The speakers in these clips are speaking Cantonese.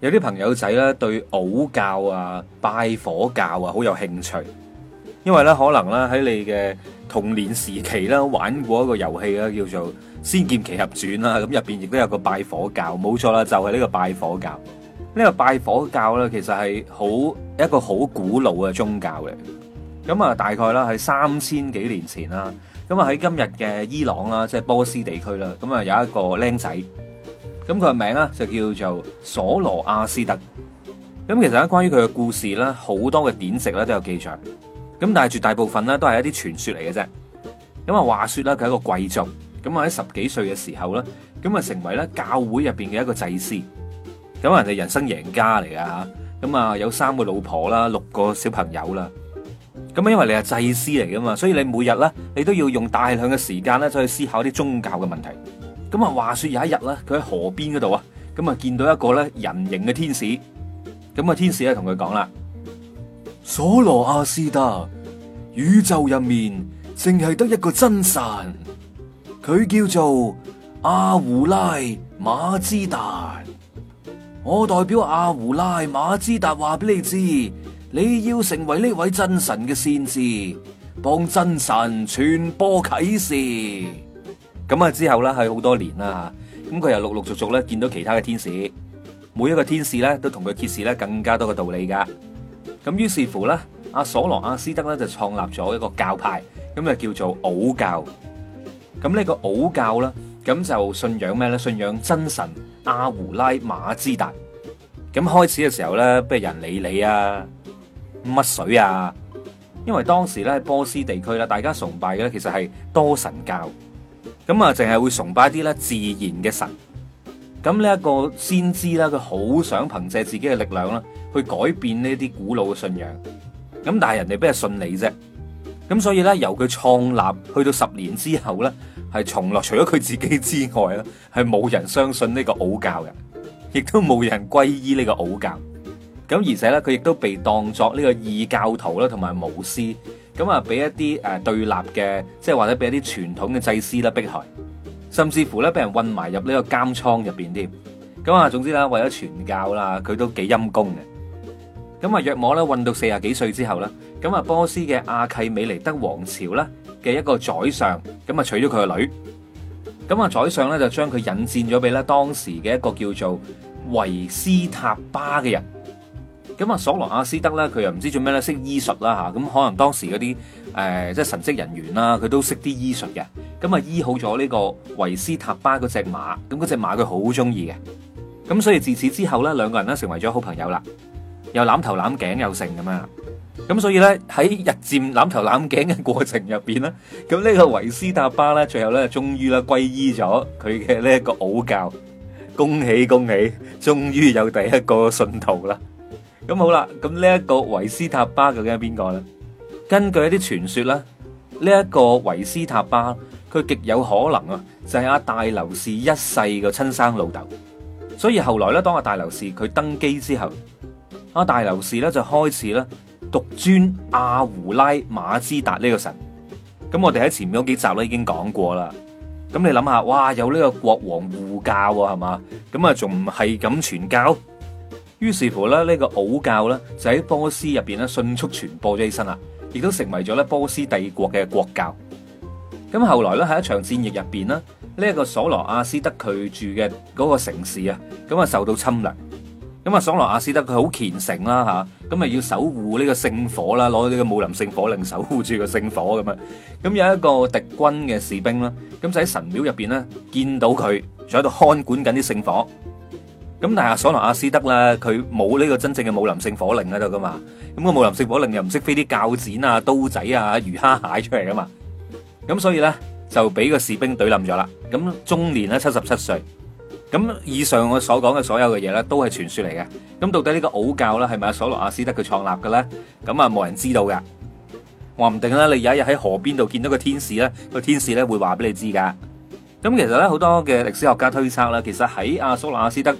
有啲朋友仔咧對祆教啊、拜火教啊好有興趣，因為咧可能咧喺你嘅童年時期啦玩過一個遊戲啦，叫做仙劍其《仙劍奇俠傳》啦，咁入邊亦都有個拜火教，冇錯啦，就係、是、呢個拜火教。呢、這個拜火教咧其實係好一個好古老嘅宗教嚟，咁啊大概啦係三千幾年前啦，咁啊喺今日嘅伊朗啦，即、就、係、是、波斯地區啦，咁啊有一個僆仔。咁佢嘅名咧就叫做索羅亞斯德。咁其實咧關於佢嘅故事咧好多嘅典籍咧都有記載。咁但係絕大部分咧都係一啲傳說嚟嘅啫。咁啊，話說咧佢係一個貴族。咁啊喺十幾歲嘅時候咧，咁啊成為咧教會入邊嘅一個祭司。咁人哋人生贏家嚟嘅吓。咁啊有三個老婆啦，六個小朋友啦。咁啊因為你係祭司嚟噶嘛，所以你每日咧你都要用大量嘅時間咧再去思考啲宗教嘅問題。咁啊，話說有一日啦，佢喺河邊嗰度啊，咁啊見到一個咧人形嘅天使，咁啊天使咧同佢講啦：所羅亞斯德，宇宙入面淨係得一個真神，佢叫做阿胡拉馬茲達。我代表阿胡拉馬茲達話俾你知，你要成為呢位真神嘅先知，幫真神傳播啟示。咁啊之後咧，係好多年啦吓，咁佢又陸陸續續咧見到其他嘅天使，每一個天使咧都同佢揭示咧更加多嘅道理噶。咁於是乎咧，阿索羅阿斯德咧就創立咗一個教派，咁就叫做奧教。咁呢個奧教咧，咁就信仰咩咧？信仰真神阿胡拉馬茲達。咁開始嘅時候咧，不如人理你啊，乜水啊？因為當時咧喺波斯地區啦，大家崇拜嘅其實係多神教。咁啊，淨係會崇拜啲咧自然嘅神。咁呢一個先知啦，佢好想憑借自己嘅力量啦，去改變呢啲古老嘅信仰。咁但係人哋邊係信你啫？咁所以咧，由佢創立去到十年之後咧，係從來除咗佢自己之外呢係冇人相信呢個偶教嘅，亦都冇人歸依呢個偶教。咁而且咧，佢亦都被當作呢個異教徒啦，同埋巫師。咁啊，俾一啲誒對立嘅，即係或者俾一啲傳統嘅祭司啦逼害，甚至乎咧俾人困埋入呢個監倉入邊添。咁啊，總之啦，為咗傳教啦，佢都幾陰功嘅。咁啊，約莫咧困到四十幾歲之後啦，咁啊波斯嘅阿契美尼德王朝咧嘅一個宰相，咁啊娶咗佢個女。咁啊，宰相咧就將佢引薦咗俾咧當時嘅一個叫做維斯塔巴嘅人。咁啊，索羅亞斯德咧，佢又唔知做咩咧，識醫術啦吓。咁可能當時嗰啲誒，即係神職人員啦，佢都識啲醫術嘅。咁啊，醫好咗呢個維斯塔巴嗰隻馬。咁嗰隻馬佢好中意嘅。咁所以自此之後咧，兩個人咧成為咗好朋友啦，又攬頭攬頸又成咁啊。咁所以咧喺日漸攬頭攬頸嘅過程入邊咧，咁呢個維斯塔巴咧，最後咧終於歸依咗佢嘅呢一個奧教。恭喜恭喜，終於有第一個信徒啦！咁好啦，咁呢一個維斯塔巴究竟係邊個咧？根據一啲傳說咧，呢一個維斯塔巴佢極有可能啊，就係阿大流士一世嘅親生老豆。所以後來咧，當阿大流士佢登基之後，阿大流士咧就開始咧獨尊阿胡拉馬茲達呢個神。咁我哋喺前面嗰幾集咧已經講過啦。咁你諗下，哇，有呢個國王護教係嘛？咁啊仲唔係咁傳教？於是乎咧，呢、這個偶教咧就喺波斯入邊咧迅速傳播咗起身啦，亦都成為咗咧波斯帝國嘅國教。咁後來咧喺一場戰役入邊咧，呢一個索羅亞斯德佢住嘅嗰個城市啊，咁啊受到侵略。咁啊，索羅亞斯德佢好虔誠啦吓，咁啊要守護呢個聖火啦，攞呢個武林聖火令守護住個聖火咁啊。咁有一個敵軍嘅士兵啦，咁就喺神廟入邊咧見到佢，仲喺度看管緊啲聖火。咁但係索羅亞斯德咧，佢冇呢個真正嘅武林聖火令喺度噶嘛？咁個武林聖火令又唔識飛啲鉸剪啊、刀仔啊、魚蝦蟹出嚟噶嘛？咁所以咧就俾個士兵懟冧咗啦。咁中年咧七十七歲。咁以上我所講嘅所有嘅嘢咧都係傳說嚟嘅。咁到底呢個奧教咧係咪阿索羅亞斯德佢創立嘅咧？咁啊冇人知道嘅，話唔定啦。你有一日喺河邊度見到個天使咧，個天使咧會話俾你知噶。咁其實咧好多嘅歷史學家推測啦，其實喺阿索羅亞斯德。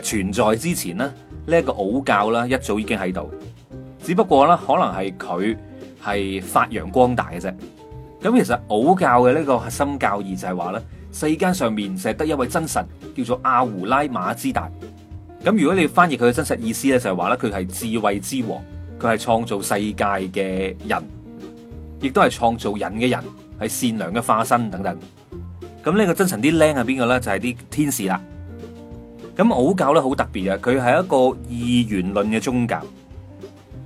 誒，存在之前呢，呢、這、一個奧教啦，一早已經喺度。只不過咧，可能係佢係發揚光大嘅啫。咁其實奧教嘅呢個核心教義就係話咧，世間上面淨係得一位真神，叫做阿胡拉瑪茲達。咁如果你翻譯佢嘅真實意思咧，就係話咧，佢係智慧之王，佢係創造世界嘅人，亦都係創造人嘅人，係善良嘅化身等等。咁、這、呢個真神啲靚係邊個咧？就係、是、啲天使啦。咁奧教咧好特別啊，佢係一個二元論嘅宗教。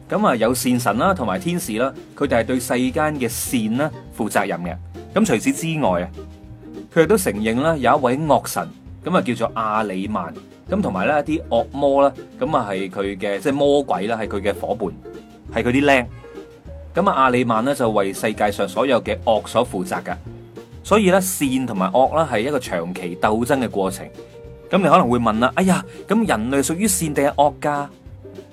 咁啊，有善神啦，同埋天使啦，佢哋係對世間嘅善啦負責任嘅。咁除此之外啊，佢哋都承認啦，有一位惡神，咁啊，叫做阿里曼。咁同埋咧一啲惡魔啦，咁啊係佢嘅即係魔鬼啦，係佢嘅伙伴，係佢啲僆。咁啊，阿里曼呢就為世界上所有嘅惡所負責噶。所以咧善同埋惡啦係一個長期鬥爭嘅過程。咁你可能會問啦，哎呀，咁人類屬於善定係惡噶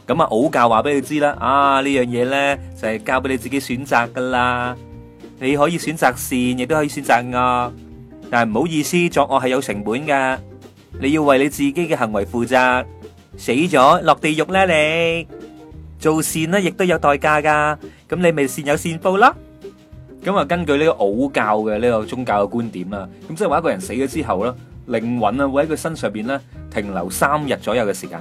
咁啊，奧教話俾你知啦，啊呢樣嘢咧就係交俾你自己選擇噶啦，你可以選擇善，亦都可以選擇惡，但係唔好意思，作惡係有成本噶，你要為你自己嘅行為負責，死咗落地獄咧你，做善咧亦都有代價噶，咁你咪善有善報咯。咁啊，根據呢個奧教嘅呢個宗教嘅觀點啦，咁即係話一個人死咗之後啦。靈魂啦，會喺佢身上邊咧停留三日左右嘅時間。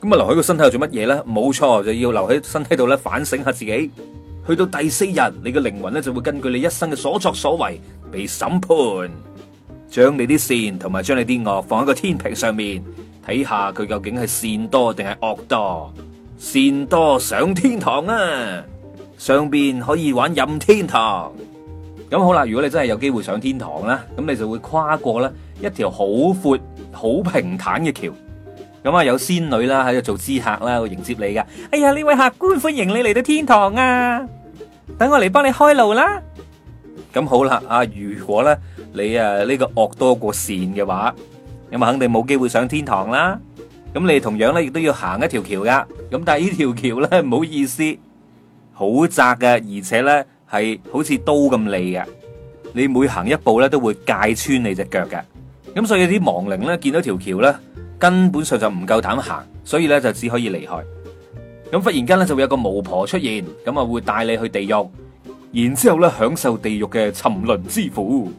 咁啊，留喺個身體度做乜嘢咧？冇錯，就要留喺身體度咧反省下自己。去到第四日，你嘅靈魂咧就會根據你一生嘅所作所為被審判，將你啲善同埋將你啲惡放喺個天平上面，睇下佢究竟係善多定係惡多。善多上天堂啊，上邊可以玩任天堂。咁好啦，如果你真係有機會上天堂啦，咁你就會跨過咧一條好闊、好平坦嘅橋。咁啊，有仙女啦喺度做知客啦，會迎接你噶。哎呀，呢位客官，歡迎你嚟到天堂啊！等我嚟幫你開路啦。咁好啦，啊，如果咧你啊呢個惡多過善嘅話，咁啊肯定冇機會上天堂啦。咁你同樣咧亦都要行一條橋噶。咁但係呢條橋咧唔好意思，好窄㗎，而且咧。係好似刀咁利嘅，你每行一步咧都會界穿你隻腳嘅，咁所以啲亡靈咧見到條橋咧，根本上就唔夠膽行，所以咧就只可以離開。咁忽然間咧就會有一個巫婆出現，咁啊會帶你去地獄，然之後咧享受地獄嘅沉淪之苦。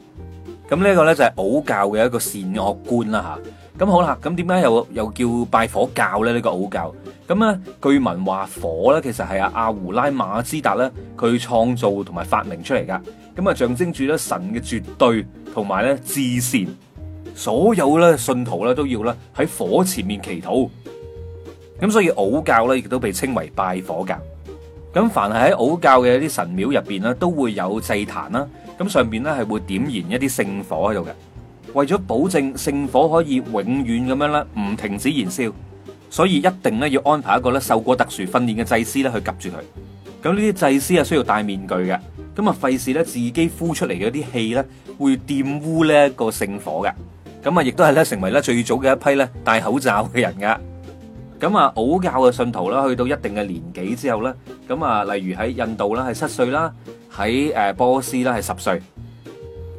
咁呢一個咧就係、係、奧教嘅一個善惡觀啦吓。咁好啦，咁點解又又叫拜火教咧呢、呢個奧教？咁咧，據聞話火咧，其實係阿阿胡拉馬茲達咧佢創造同埋發明出嚟噶。咁啊，象徵住咧神嘅絕對同埋咧至善。所有咧信徒咧都要咧喺火前面祈禱。咁所以奧教咧亦都被稱為拜火教。咁凡係喺奧教嘅一啲神廟入邊咧，都會有祭壇啦。咁上邊咧係會點燃一啲聖火喺度嘅，為咗保證聖火可以永遠咁樣咧唔停止燃燒。所以一定咧要安排一個咧受過特殊訓練嘅祭司咧去及住佢。咁呢啲祭司啊需要戴面具嘅，咁啊費事咧自己呼出嚟嘅啲氣咧會玷污呢一個聖火嘅。咁啊亦都係咧成為咧最早嘅一批咧戴口罩嘅人噶。咁啊，祆教嘅信徒啦，去到一定嘅年紀之後咧，咁啊例如喺印度啦係七歲啦，喺誒波斯啦係十歲。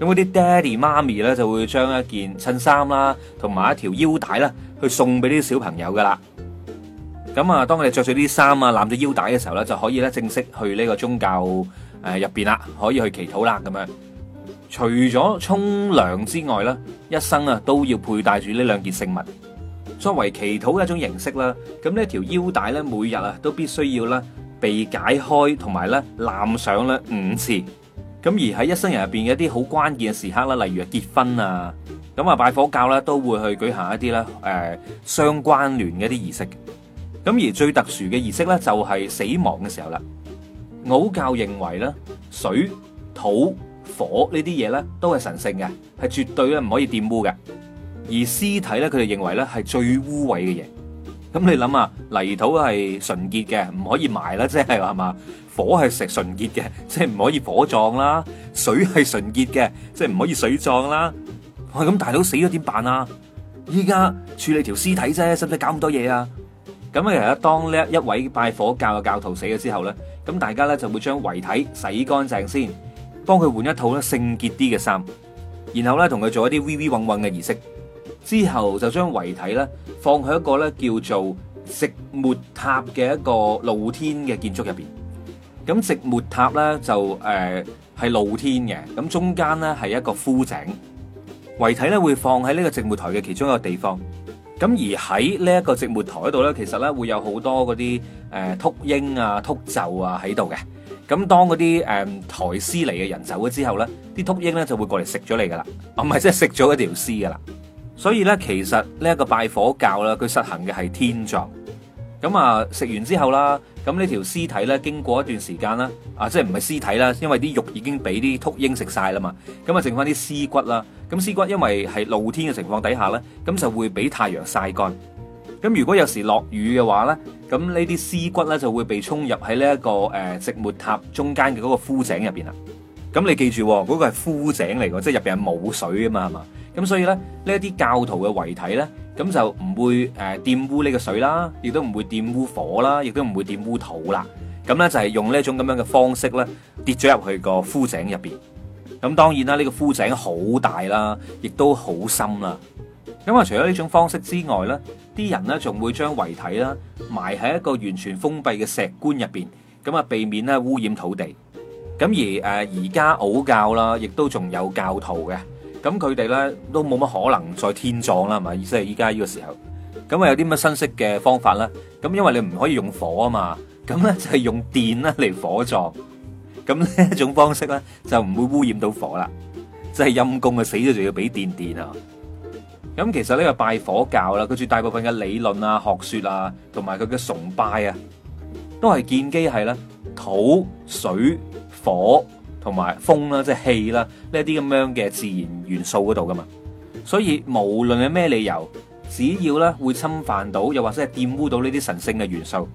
咁嗰啲爹哋媽咪咧就會將一件襯衫啦同埋一條腰帶啦。去送俾啲小朋友噶啦，咁啊，當佢哋着住啲衫啊、攬住腰帶嘅時候咧，就可以咧正式去呢個宗教誒入邊啦，可以去祈禱啦咁樣。除咗沖涼之外咧，一生啊都要佩戴住呢兩件聖物，作為祈禱嘅一種形式啦。咁呢條腰帶咧，每日啊都必須要咧被解開同埋咧攬上咧五次。咁而喺一生人入邊嘅一啲好關鍵嘅時刻啦，例如結婚啊，咁啊拜火教咧都會去舉行一啲呢誒相關聯嘅一啲儀式。咁而最特殊嘅儀式咧就係死亡嘅時候啦。偶教認為咧，水、土、火呢啲嘢咧都係神聖嘅，係絕對咧唔可以玷污嘅。而屍體咧，佢哋認為咧係最污穢嘅嘢。咁你諗啊，泥土係純潔嘅，唔可以埋啦，即係話嘛？火係食純潔嘅，即係唔可以火葬啦。水係純潔嘅，即係唔可以水葬啦。喂，咁大佬死咗點辦啊？依家處理條屍體啫，使唔使搞咁多嘢啊？咁其實當呢一位拜火教嘅教徒死咗之後咧，咁大家咧就會將遺體洗乾淨先，幫佢換一套咧聖潔啲嘅衫，然後咧同佢做一啲 V V 揾揾嘅儀式。之後就將遺體咧放喺一個咧叫做植木塔嘅一個露天嘅建築入邊。咁植木塔咧就誒係、呃、露天嘅，咁中間咧係一個枯井，遺體咧會放喺呢個植木台嘅其中一個地方。咁而喺呢一個植木台嗰度咧，其實咧會有好多嗰啲誒禿鷹啊禿鷲啊喺度嘅。咁當嗰啲誒台屍嚟嘅人走咗之後咧，啲禿鷹咧就會過嚟食咗你噶啦，唔係即係食咗一條屍噶啦。所以咧，其實呢一個拜火教啦，佢實行嘅係天葬。咁啊，食完之後啦，咁呢條屍體咧，經過一段時間啦，啊，即係唔係屍體啦，因為啲肉已經俾啲禿鷹食晒啦嘛。咁啊，剩翻啲屍骨啦。咁屍骨因為係露天嘅情況底下咧，咁就會俾太陽曬乾。咁如果有時落雨嘅話咧，咁呢啲屍骨咧就會被沖入喺呢一個誒寂末塔中間嘅嗰個枯井入面啦。咁你記住嗰、那個係枯井嚟嘅，即係入面係冇水啊嘛，係嘛？咁所以咧，呢一啲教徒嘅遺體咧，咁就唔會誒玷、呃、污呢個水啦，亦都唔會玷污火啦，亦都唔會玷污土啦。咁咧就係用呢一種咁樣嘅方式咧，跌咗入去枯、這個枯井入邊。咁當然啦，呢個枯井好大啦，亦都好深啦。咁啊，除咗呢種方式之外咧，啲人咧仲會將遺體啦埋喺一個完全封閉嘅石棺入邊，咁啊避免咧污染土地。咁而誒而家奧教啦，亦都仲有教徒嘅。咁佢哋咧都冇乜可能再天葬啦，係咪？即係依家呢個時候，咁啊有啲乜新式嘅方法啦？咁因為你唔可以用火啊嘛，咁咧就係用電啦嚟火葬，咁呢一種方式咧就唔會污染到火啦，即係陰公啊死咗就要俾電電啊。咁其實呢個拜火教啦，佢絕大部分嘅理論啊、學說啊，同埋佢嘅崇拜啊，都係建基係咧土、水、火。同埋風啦，即係氣啦，呢啲咁樣嘅自然元素嗰度噶嘛。所以無論係咩理由，只要咧會侵犯到，又或者係玷污到呢啲神聖嘅元素，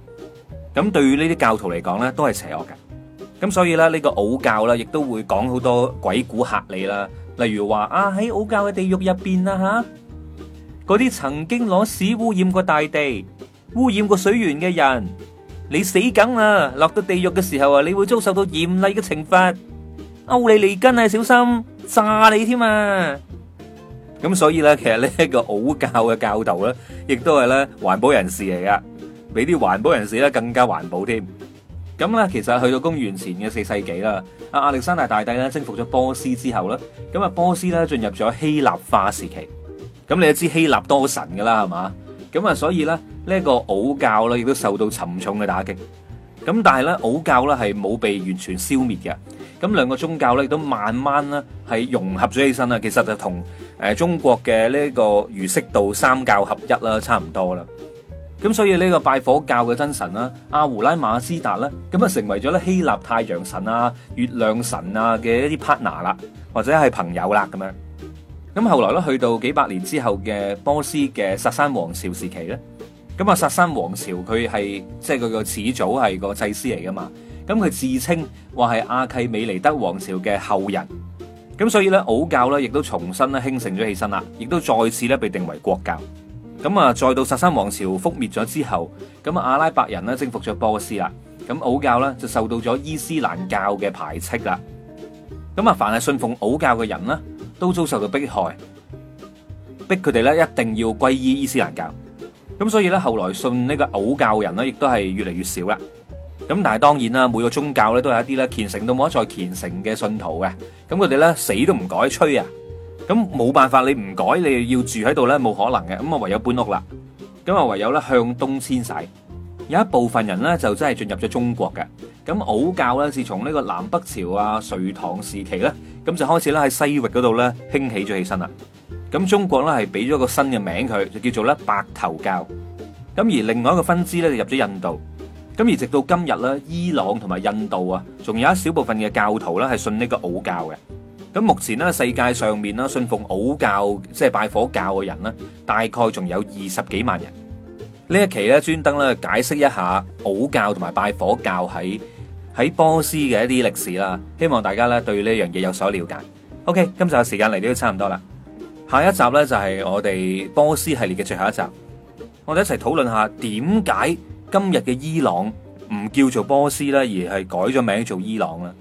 咁對於呢啲教徒嚟講咧都係邪惡嘅。咁所以咧呢，呢個奧教啦，亦都會講好多鬼故嚇你啦。例如話啊，喺奧教嘅地獄入邊啦，吓嗰啲曾經攞屎污染過大地、污染過水源嘅人，你死梗啦！落到地獄嘅時候啊，你會遭受到嚴厲嘅懲罰。歐里利根啊，小心炸你添啊！咁所以咧，其實咧一個奧教嘅教徒咧，亦都係咧環保人士嚟噶，比啲環保人士咧更加環保添。咁咧，其實去到公元前嘅四世紀啦，阿亞歷山大大帝咧征服咗波斯之後咧，咁啊波斯咧進入咗希臘化時期。咁你都知希臘多神噶啦，係嘛？咁啊，所以咧呢一個奧教咧亦都受到沉重嘅打擊。咁但係咧，奧教咧係冇被完全消滅嘅，咁兩個宗教咧亦都慢慢呢係融合咗起身啦。其實就同誒中國嘅呢個儒釋道三教合一啦，差唔多啦。咁所以呢個拜火教嘅真神啦，阿胡拉馬斯達咧，咁啊成為咗咧希臘太陽神啊、月亮神啊嘅一啲 partner 啦，或者係朋友啦咁樣。咁後來咧去到幾百年之後嘅波斯嘅薩珊王朝時期咧。咁啊，薩珊王朝佢係即係佢個始祖係個祭司嚟噶嘛？咁佢自稱話係阿契美尼德王朝嘅後人，咁所以呢，祆教呢亦都重新咧興盛咗起身啦，亦都再次咧被定為國教。咁啊，再到薩珊王朝覆滅咗之後，咁啊，阿拉伯人呢征服咗波斯啦，咁祆教呢就受到咗伊斯蘭教嘅排斥啦。咁啊，凡係信奉祆教嘅人呢，都遭受到迫害，逼佢哋咧一定要歸依伊斯蘭教。咁所以咧，後來信呢個祆教人咧，亦都係越嚟越少啦。咁但係當然啦，每個宗教咧都有一啲咧虔誠到冇得再虔誠嘅信徒嘅，咁佢哋咧死都唔改吹啊。咁冇辦法，你唔改，你要住喺度咧冇可能嘅，咁啊唯有搬屋啦。咁啊唯有咧向東遷徙，有一部分人咧就真係進入咗中國嘅。咁祆教咧，自從呢個南北朝啊隋唐時期咧，咁就開始咧喺西域嗰度咧興起咗起身啦。咁中國咧係俾咗個新嘅名佢，就叫做咧白頭教。咁而另外一個分支咧就入咗印度。咁而直到今日咧，伊朗同埋印度啊，仲有一小部分嘅教徒咧係信呢個奧教嘅。咁目前咧，世界上面啦，信奉奧教即係拜火教嘅人咧，大概仲有二十幾萬人。呢一期咧，專登咧解釋一下奧教同埋拜火教喺喺波斯嘅一啲歷史啦。希望大家咧對呢樣嘢有所了解。OK，今集嘅時間嚟到都差唔多啦。下一集咧就係我哋波斯系列嘅最後一集，我哋一齊討論下點解今日嘅伊朗唔叫做波斯咧，而係改咗名做伊朗啦。